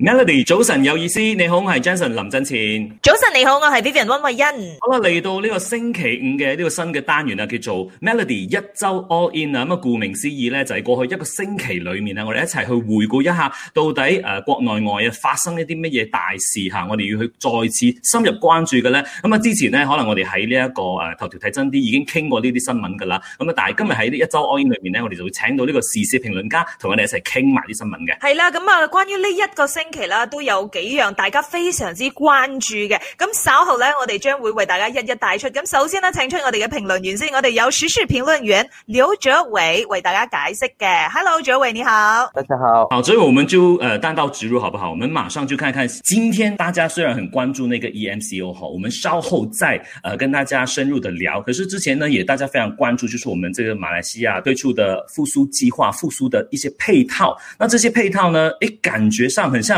Melody，早晨有意思，你好，我係 Jason 林振前。早晨你好，我係 Vivian 溫慧欣。好啦，嚟到呢個星期五嘅呢、這個新嘅單元啊，叫做 Melody 一周 All In 啊。咁啊，顧名思義咧，就係、是、過去一個星期裏面啊，我哋一齊去回顧一下到底誒、呃、國內外啊發生一啲乜嘢大事吓，我哋要去再次深入關注嘅咧。咁、嗯、啊，之前咧可能我哋喺呢一個誒、啊、頭條睇真啲，已經傾過呢啲新聞噶啦。咁啊，但係今日喺呢一周 All In 裏面咧，我哋就會請到呢個時事評論家同我哋一齊傾埋啲新聞嘅。係啦，咁、嗯、啊，關於呢一個星期，期啦，都有幾樣大家非常之關注嘅，咁稍後呢，我哋將會為大家一一帶出。咁首先呢，請出我哋嘅評論員先，我哋有時事評論員劉卓偉為大家解釋嘅。Hello，卓偉你好，大家好。好，所以，我們就誒單刀直入，好不好？我們馬上就看看，今天大家雖然很關注那個 EMCO 哈，我們稍後再誒、呃、跟大家深入的聊。可是之前呢，也大家非常關注，就是我們這個馬來西亞推出的復蘇計劃，復蘇的一些配套。那這些配套呢，誒、欸、感覺上很像。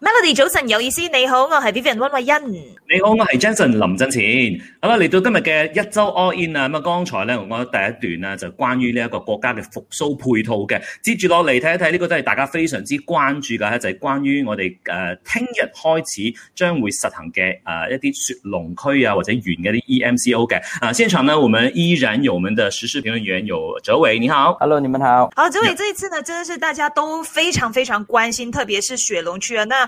Melody 早晨有意思，你好，我係 Vivian 溫慧欣。你好，我係 Jason 林振前。好啦嚟到今日嘅一周 All In 啊、嗯，咁啊，剛才咧我第一段呢就是、關於呢一個國家嘅復蘇配套嘅，接住落嚟睇一睇呢、這個都係大家非常之關注嘅，就係、是、關於我哋誒聽日開始將會實行嘅誒、呃、一啲雪龍區啊或者原嗰啲 EMCO 嘅啊、呃、現場呢，我們依然有我們的時事評論員有周偉，你好，Hello，你們好，好，周偉，這一次呢，真的是大家都非常非常關心，特別是雪龍區啊，那。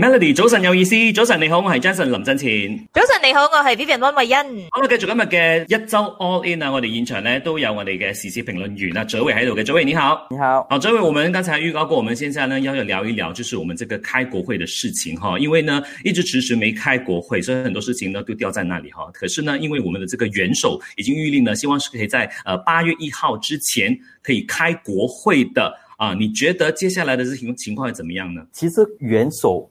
Melody，早晨有意思，早晨你好，我係 Jason 林振乾。早晨你好，我係 Vivian 溫慧恩。好啦，繼續今日嘅一周 All In 啊，我哋現場呢都有我哋嘅 C C 評論員，那哲偉喺度嘅，哲偉你好，你好，你好，哲偉，我們剛才預告過，我們現在呢要，要聊一聊，就是我們這個開國會的事情哈，因為呢一直遲遲沒開國會，所以很多事情呢都掉在那裡哈。可是呢，因為我們的這個元首已經諭令呢，希望是可以在呃八月一號之前可以開國會的啊。你覺得接下來的這情情況會怎麼樣呢？其實元首。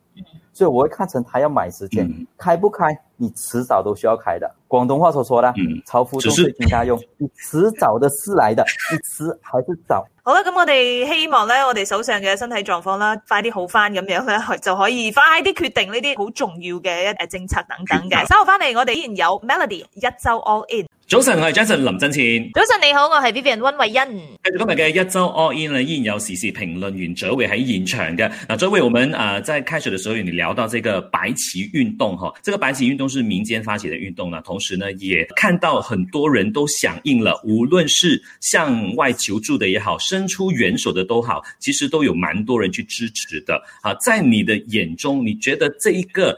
所以我會看成，他要買時間，開不開，你遲早都需要開的。廣東話所說啦，朝夫都是聽大用，嗯、你遲早的是來的，你遲還是早？ 好啦，咁我哋希望咧，我哋手上嘅身體狀況啦，快啲好翻咁樣咧，就可以快啲決定呢啲好重要嘅一誒政策等等嘅。稍後翻嚟，我哋依然有 Melody 一周 All In。早晨，我係 Jason 林真前。早晨你好，我是 Vivian 溫慧恩。繼續今日嘅一周 all in 啊，依然有時事評論員卓偉喺現場嘅。嗱卓偉我們啊，在開始的時候你聊到這個白旗運動哈，這個白旗運動是民間發起的運動啦，同時呢，也看到很多人都響應了，無論是向外求助的也好，伸出援手的都好，其實都有蠻多人去支持的。啊，在你的眼中，你覺得這一個？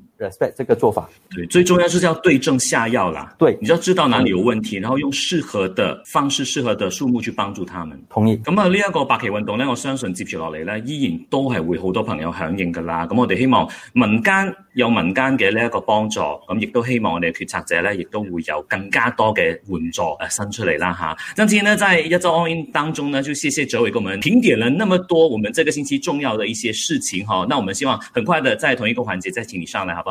Respect，這個做法，對，最重要是叫對症下藥啦。對，你就要知道哪裏有問題，對然後用適合的方式、適合的數目去幫助他們。同意。咁啊，呢一個白旗運動咧，我相信接住落嚟咧，依然都係會好多朋友響應㗎啦。咁我哋希望民間有民間嘅呢一個幫助，咁亦都希望我哋決策者咧，亦都會有更加多嘅援助誒，伸出嚟啦吓。今次咧，即係一周安當中呢，就謝謝哲偉給我們評點了那麼多我們這個星期重要的一些事情，哈，那我們希望很快的在同一個環節再請你上來，好不好？